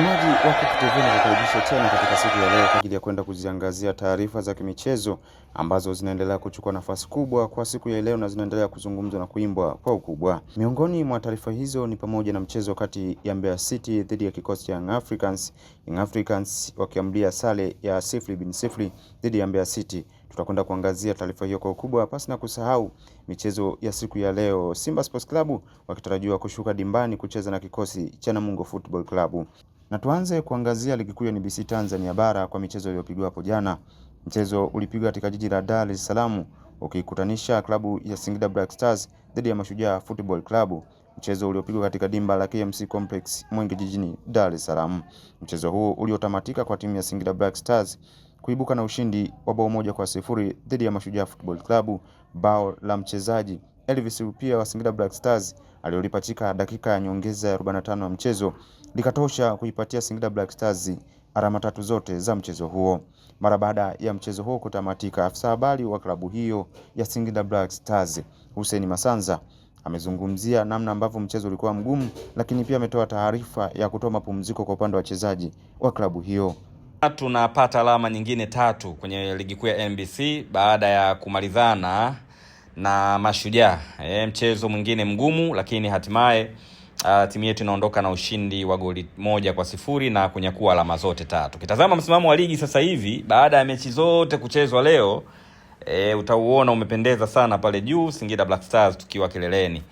Mtazamaji wako TV nakukaribisha tena katika siku ya leo kwa ajili ya kwenda kuziangazia taarifa za kimichezo ambazo zinaendelea kuchukua nafasi kubwa kwa siku ya leo na zinaendelea kuzungumzwa na kuimbwa kwa ukubwa. Miongoni mwa taarifa hizo ni pamoja na mchezo kati ya Mbeya City dhidi ya kikosi cha Young Africans, Young Africans wakiamlia sare ya sifuri bin sifuri dhidi ya Mbeya City. Tutakwenda kuangazia taarifa hiyo kwa ukubwa, pasi na kusahau michezo ya siku ya leo, Simba Sports Club wakitarajiwa kushuka dimbani kucheza na kikosi cha Namungo Football Club. Na tuanze kuangazia ligi kuu ya NBC Tanzania bara kwa michezo iliyopigwa hapo jana. Mchezo ulipigwa katika jiji la Dar es Salaam ukikutanisha klabu ya Singida Black Stars dhidi ya Mashujaa Football Club, mchezo uliopigwa katika dimba la KMC Complex Mwenge jijini Dar es Salaam. Mchezo huu uliotamatika kwa timu ya Singida Black Stars kuibuka na ushindi wa bao moja kwa sifuri dhidi ya Mashujaa Football Club, bao la mchezaji Elvis Rupia wa Singida Black Stars aliyolipachika dakika ya nyongeza ya 45 ya mchezo likatosha kuipatia Singida Black Stars alama tatu zote za mchezo huo. Mara baada ya mchezo huo kutamatika, afisa habari wa klabu hiyo ya Singida Black Stars Hussein Masanza amezungumzia namna ambavyo mchezo ulikuwa mgumu, lakini pia ametoa taarifa ya kutoa mapumziko kwa upande wa wachezaji wa klabu hiyo. Tunapata alama nyingine tatu kwenye ligi kuu ya NBC baada ya kumalizana na Mashujaa. E, mchezo mwingine mgumu, lakini hatimaye uh, timu yetu inaondoka na ushindi wa goli moja kwa sifuri na kunyakua alama zote tatu. Kitazama msimamo wa ligi sasa hivi baada ya mechi zote kuchezwa leo e, utauona umependeza sana pale juu, Singida Black Stars tukiwa kileleni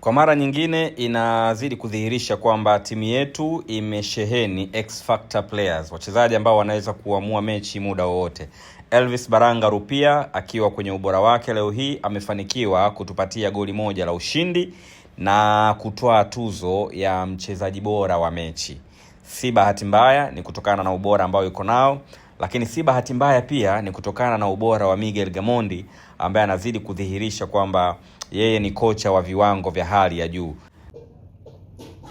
kwa mara nyingine inazidi kudhihirisha kwamba timu yetu imesheheni X factor players, wachezaji ambao wanaweza kuamua mechi muda wowote. Elvis Baranga Rupia akiwa kwenye ubora wake leo hii amefanikiwa kutupatia goli moja la ushindi na kutoa tuzo ya mchezaji bora wa mechi. Si bahati mbaya, ni kutokana na ubora ambao yuko nao, lakini si bahati mbaya pia ni kutokana na ubora wa Miguel Gamondi ambaye anazidi kudhihirisha kwamba yeye ni kocha wa viwango vya hali ya juu.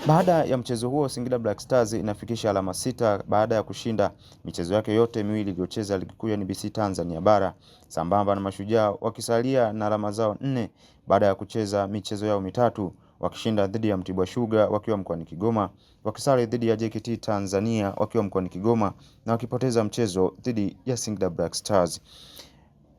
Baada ya mchezo huo Singida Black Stars inafikisha alama sita baada ya kushinda michezo yake yote miwili iliyocheza ligi kuu ya NBC Tanzania bara sambamba na Mashujaa wakisalia na alama zao nne baada ya kucheza michezo yao mitatu wakishinda dhidi ya Mtibwa Sugar wakiwa mkoani Kigoma, wakisali dhidi ya JKT Tanzania wakiwa mkoani Kigoma na wakipoteza mchezo dhidi ya Singida Black Stars.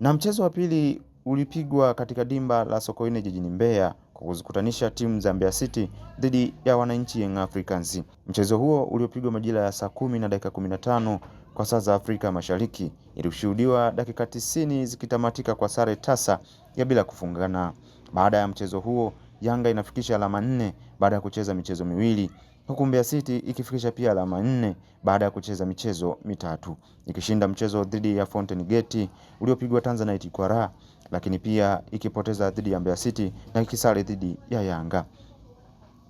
Na mchezo wa pili ulipigwa katika dimba la Sokoine jijini Mbeya kwa kuzikutanisha timu za Mbeya City dhidi ya wananchi Young Africans. Mchezo huo uliopigwa majira ya saa kumi na dakika kumi na tano kwa saa za Afrika Mashariki ilishuhudiwa dakika tisini zikitamatika kwa sare tasa ya bila kufungana. Baada ya mchezo huo, Yanga inafikisha alama nne baada ya kucheza michezo miwili huku Mbeya City ikifikisha pia alama nne baada ya kucheza michezo mitatu ikishinda mchezo dhidi ya Fountain Gate uliopigwa Tanzanite kwa raha lakini pia ikipoteza dhidi ya Mbeya City na ikisare dhidi ya Yanga.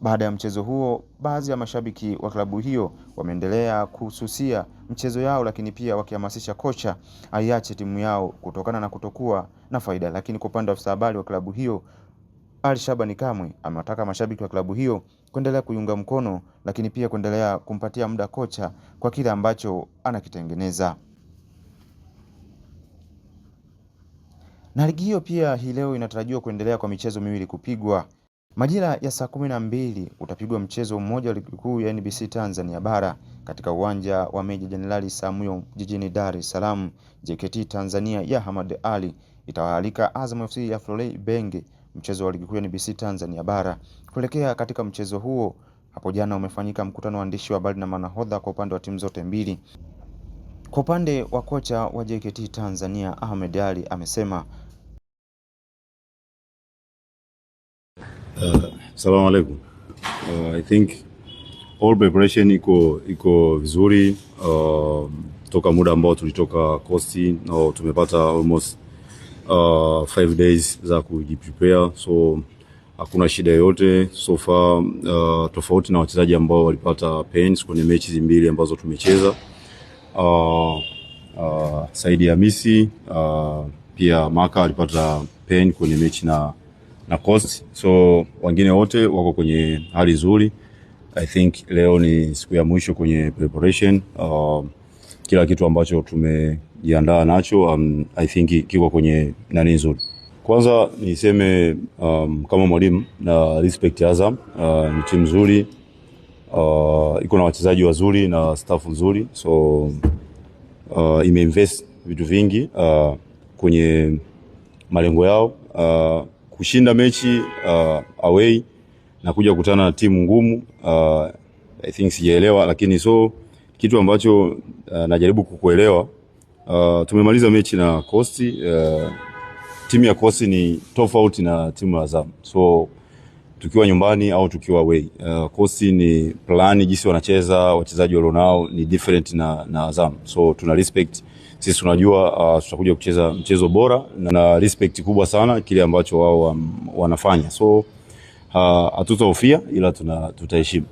Baada ya mchezo huo, baadhi ya mashabiki wa klabu hiyo wameendelea kususia mchezo yao, lakini pia wakihamasisha kocha aiache timu yao kutokana na kutokuwa na faida. Lakini kwa upande wa afisa habari wa klabu hiyo Ali Shabani Kamwe amewataka mashabiki wa klabu hiyo kuendelea kuiunga mkono, lakini pia kuendelea kumpatia muda kocha kwa kile ambacho anakitengeneza. Na ligi hiyo pia hii leo inatarajiwa kuendelea kwa michezo miwili kupigwa. Majira ya saa kumi na mbili utapigwa mchezo mmoja wa ligi kuu ya NBC Tanzania bara katika uwanja wa Meja Jenerali Samuel jijini Dar es Salaam. JKT Tanzania ya Hamad Ali itawaalika Azam FC ya Florey Benge, mchezo wa ligi kuu ya NBC Tanzania bara. Kuelekea katika mchezo huo, hapo jana umefanyika mkutano wa waandishi wa habari na manahodha kwa upande wa timu zote mbili. Kwa upande wa kocha wa JKT Tanzania Ahmed Ali amesema salamu alaikum. Uh, I think all preparation iko iko vizuri uh, toka muda ambao tulitoka kosti na tumepata almost uh, five days za kujiprepare, so hakuna shida yoyote so far uh, tofauti na wachezaji ambao walipata pains kwenye mechi zimbili mbili ambazo tumecheza uh, uh, Saidi Hamisi uh, pia Maka alipata pain kwenye mechi na na cost, so wengine wote wako kwenye hali nzuri. I think leo ni siku ya mwisho kwenye preparation. Uh, kila kitu ambacho tumejiandaa nacho um, I think kiko kwenye nani nzuri. Kwanza niseme um, kama mwalimu na respect Azam, uh, ni timu nzuri uh, iko na wachezaji wazuri na staff nzuri, so uh, imeinvest vitu vingi uh, kwenye malengo yao uh, kushinda mechi uh, away na kuja kukutana na timu ngumu uh, I think sijaelewa, lakini so kitu ambacho uh, najaribu kukuelewa uh, tumemaliza mechi na Coast uh, timu ya Coast ni tofauti na timu ya Azam, so tukiwa nyumbani au tukiwa away uh, Coast ni plani jinsi wanacheza wachezaji walionao ni different na, na Azam, so tuna respect sisi tunajua uh, tutakuja kucheza mchezo bora na respect kubwa sana kile ambacho wao um, wanafanya, so uh, hatutahofia uh, ila tutaheshimu.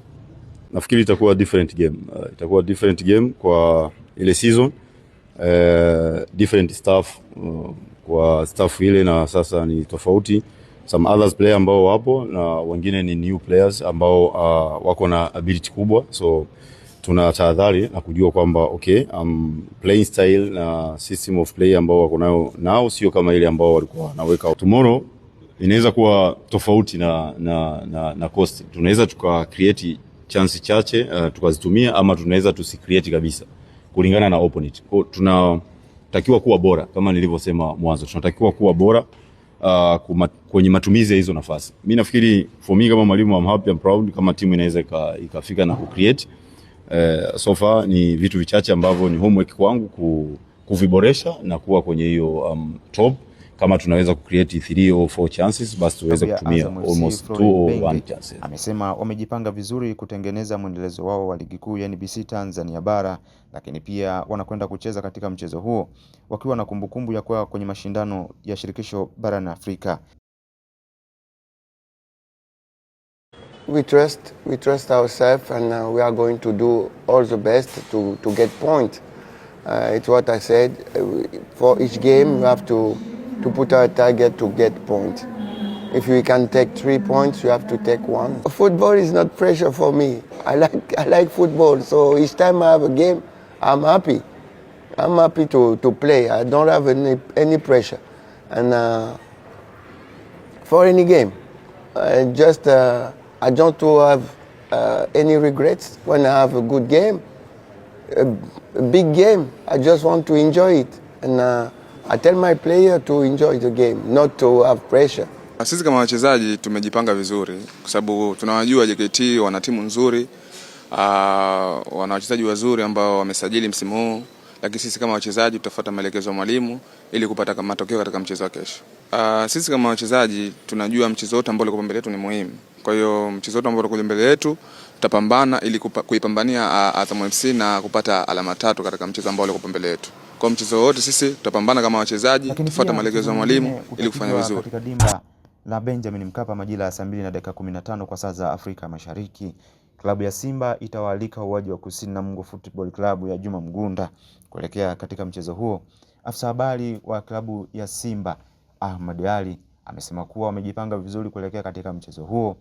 Nafikiri itakuwa different game uh, itakuwa different game kwa ile season uh, different staff uh, kwa staff ile na sasa ni tofauti, some others player ambao wapo na wengine ni new players ambao uh, wako na ability kubwa so tuna tahadhari na kujua kwamba okay, um, playing style na system of play ambao wako nayo nao sio kama ile ambao walikuwa wanaweka. Tomorrow inaweza kuwa tofauti na, na, na, na Coast. Tunaweza tuka create chance chache uh, tukazitumia ama tunaweza tusi create kabisa kulingana na opponent. Kwa tunatakiwa kuwa bora kama nilivyosema mwanzo, tunatakiwa kuwa bora uh, kuma, kwenye matumizi ya hizo nafasi. Mimi nafikiri for me kama mwalimu I'm happy, I'm proud kama timu inaweza ikafika na ku create eh, so far ni vitu vichache ambavyo ni homework kwangu kuviboresha na kuwa kwenye hiyo um, top kama tunaweza kucreate 3 or 4 chances basi tuweze kutumia almost 2 or 1 chances. Amesema wamejipanga vizuri kutengeneza mwendelezo wao wa ligi kuu ya NBC Tanzania bara, lakini pia wanakwenda kucheza katika mchezo huo wakiwa na kumbukumbu ya kuwa kwenye mashindano ya shirikisho barani Afrika. we trust we trust ourselves and uh, we are going to do all the best to, to get points. Uh, it's what I said. Uh, for each game, we have to to put our target to get points. If we can take three points, you have to take one. Football is not pressure for me. I like I like football, so each time I have a game, I'm happy. I'm happy to, to play. I don't have any any pressure, and uh, for any game, I uh, just. Uh, I don't have uh, any regrets when I have a good game, a, a big game. I just want to enjoy it, and uh, I tell my player to enjoy the game, not to have pressure. Sisi kama wachezaji tumejipanga vizuri, kwa sababu tunawajua JKT wana timu nzuri uh, wana wachezaji wazuri ambao wamesajili msimu huu, lakini sisi kama wachezaji tutafuata maelekezo ya mwalimu ili kupata matokeo katika mchezo wa kesho. Uh, sisi kama wachezaji tunajua mchezo wote ambao uko mbele yetu ni muhimu. Kwa hiyo mchezo wote ambao uko mbele yetu tutapambana ili kuipambania ah, Azam FC na kupata alama tatu katika mchezo ambao uko mbele yetu. Kwa mchezo wote sisi tutapambana kama wachezaji, tufuata maelekezo ya mwalimu ili kufanya vizuri. Katika dimba la Benjamin Mkapa majira ya saa mbili na dakika 15 kwa saa za Afrika Mashariki, klabu ya Simba itawaalika uwaji wa Kusini Namungo Football Club ya Juma Mgunda kuelekea katika mchezo huo. Afisa habari wa klabu ya Simba Ahmad Ally amesema kuwa wamejipanga vizuri kuelekea katika mchezo huo.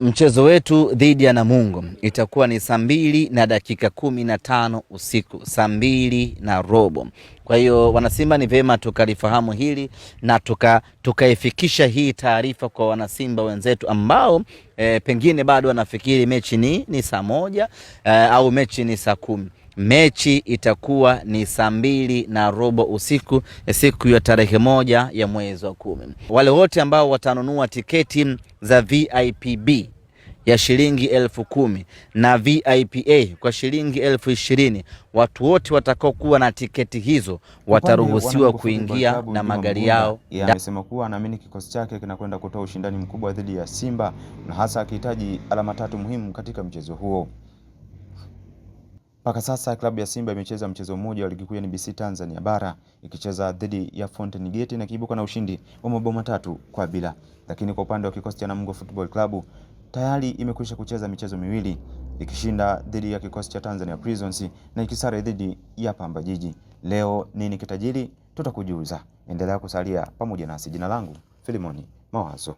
Mchezo wetu dhidi ya Namungo itakuwa ni saa mbili na dakika kumi na tano usiku, saa mbili na robo. Kwa hiyo wanasimba, ni vyema tukalifahamu hili na tukaifikisha tuka hii taarifa kwa wanasimba wenzetu ambao e, pengine bado wanafikiri mechi ni, ni saa moja e, au mechi ni saa kumi mechi itakuwa ni saa mbili na robo usiku eh, siku ya tarehe moja ya mwezi wa kumi. Wale wote ambao watanunua tiketi za VIPB ya shilingi elfu kumi na VIPA kwa shilingi elfu ishirini watu wote watakaokuwa na tiketi hizo wataruhusiwa kuingia na magari yao. Amesema kuwa anaamini kikosi chake kinakwenda kutoa ushindani mkubwa dhidi ya Simba na hasa akihitaji alama tatu muhimu katika mchezo huo. Mpaka sasa klabu ya Simba imecheza mchezo mmoja wa ligi kuu ya NBC Tanzania bara ikicheza dhidi ya Fountain Gate na kiibuka na ushindi wa mabao matatu kwa bila. Lakini kwa upande wa kikosi cha Namungo Football Club tayari imekwisha kucheza michezo miwili ikishinda dhidi ya kikosi cha Tanzania Prisons na ikisare dhidi ya Pamba Jiji. Leo nini kitajiri, tutakujuza. Endelea kusalia pamoja nasi. Jina langu Filimoni Mawazo.